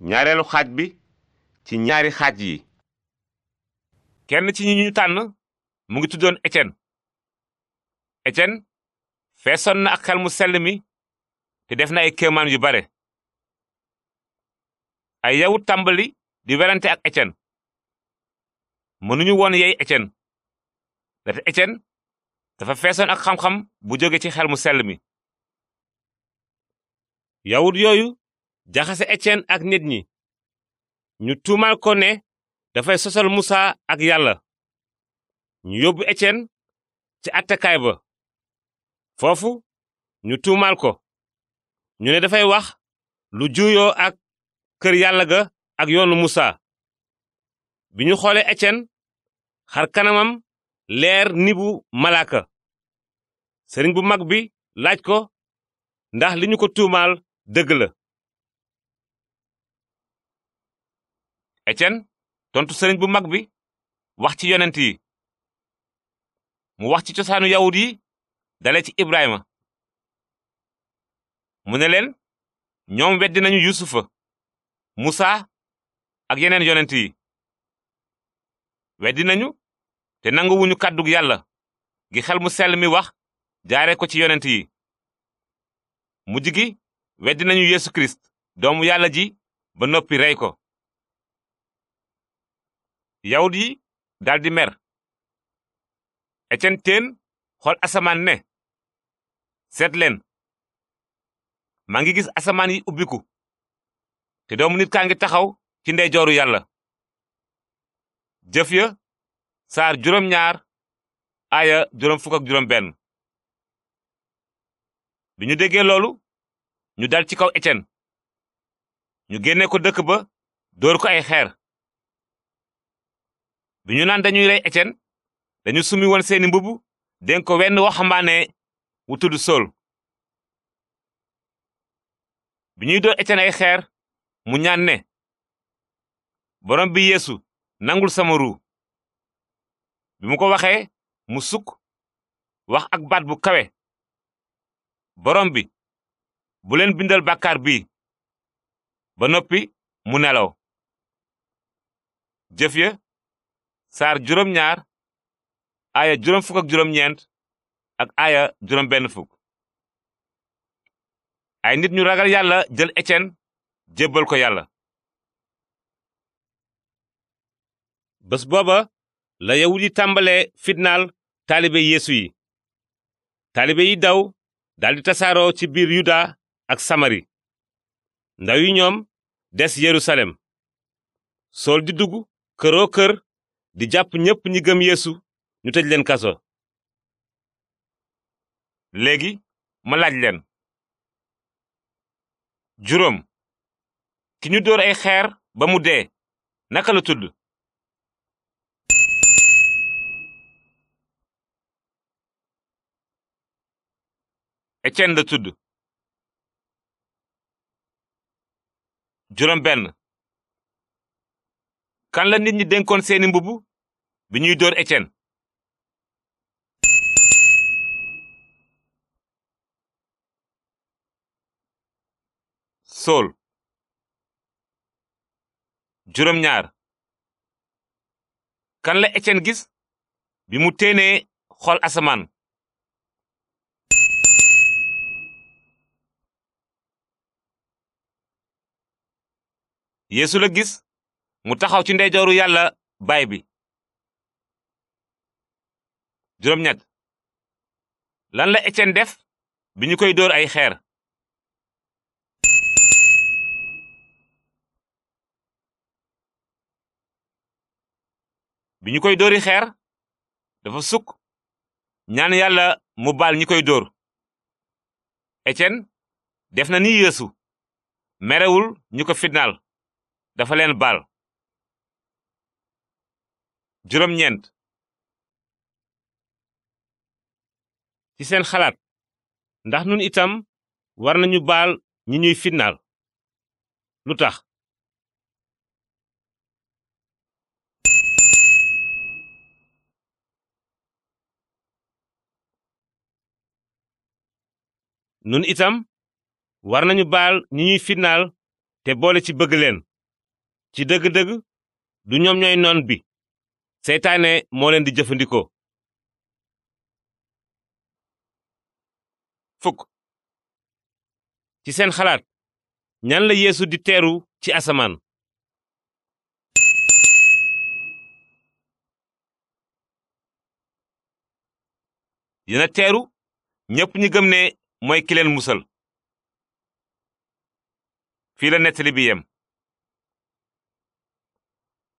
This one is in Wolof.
ñaareelu xaaj bi ci ñaari xaaj yi kenn ci ñi ñu tànn mu ngi tuddoon Étienne Étienne feesoon na ak xel mu sell mi te def na ay kéemaan yu bare ay yawut tàmbali di werante ak Étienne mënuñu woon yey Étienne ndaxte Étienne dafa feesoon ak xam-xam bu jóge ci xel mu sell mi jaxase Étienne ak nit ñi ñu tuumal ko ne dafay sosal Musaa ak yàlla ñu yóbbu Étienne ci attakaay ba foofu ñu tuumal ko ñu ne dafay wax lu juuyoo ak kër yàlla ga ak yoonu Musaa bi ñu xoolee Étienne xar kanamam leer ni bu malaaka sëriñ bu mag bi laaj ko ndax li ñu ko tuumaal dëgg la Étienne tontu sëriñ bu mag bi wax ci yonent yi mu wax ci cosaanu yawut yi dale ci Ibrahima mu ne leen ñoom weddi nañu Yusufa Musa ak yeneen yonent yi weddi nañu te nanguwuñu kàddug yàlla gi xel mu sell mi wax jaare ko ci yonent yi mujj gi weddi nañu Yesu Kirist doomu yàlla ji ba noppi rey ko yawut yi daldi mer Etienne Taine xool asamaan ne seet leen maa ngi gis asamaan yi ubbiku te doomu nit kaa ngi taxaw ci ndeyjooru yàlla jëf ya saar juróom ñaar aaya juróom fukk juróom benn bi ñu déggee loolu ñu dal ci kaw Étienne ñu génne ko dëkk ba dóor ko ay xeer bi ñu naan dañuy rey Étienne dañu summi woon seeni mbubb dénk wenn waxambaane wu tudd sol bi ñuy door Étienne ay xeer mu ñaan ne borom bi yeesu nangul sama ruu bi mu ko waxee mu sukk wax ak baat bu kawe boroom bi bu leen bindal bàkkaar bi ba noppi mu nelaw jëf ya saar juróom ñaar ay nit ñu ragal yàlla jël Étienne jébbal ko yàlla bés booba la yawut yi tàmbalee fitnaal taalibe yeesu yi taalibe yi daw daldi tasaaroo ci biir yuda ak samari ndaw yu ñoom des yerusalem sool di dugg këroo di jàpp ñépp ñi gëm yeesu ñu tëj leen kaso léegi ma laaj leen juróom ki ñu dóor ay xeer ba mu dee naka la tudd Étienne la tudd juróom benn kan la nit ñi denkoon seeni mbubb bi ñuy dóor Étienne Saul juróom ñaar kan la Étienne gis bi mu téenee xool asamaan Yeesu la gis mu taxaw ci ndeyjooru Yàlla baay bi juróom ñett lan la Étienne def bi ñu koy dóor ay xeer bi ñu koy dóori xeer dafa sukk ñaan yàlla mu baal ñi koy dóor Étienne def na ni Yeesu merewul ñu ko fitnaal dafa leen baal juróom ñeent ci seen xalaat ndax nun itam war nañu baal ñi ñuy fitnaal lu tax nun itam war nañu baal ñi ñuy fitnaal te boole ci bëgg leen ci dëgg-dëgg du ñoom ñooy noon bi seytaane moo leen di jëfandikoo fukk ci seen xalaat ñan la yéesu di teeru ci asamaan dina teeru ñépp ñi gëm ne mooy kileen musal fii la nettali bi yem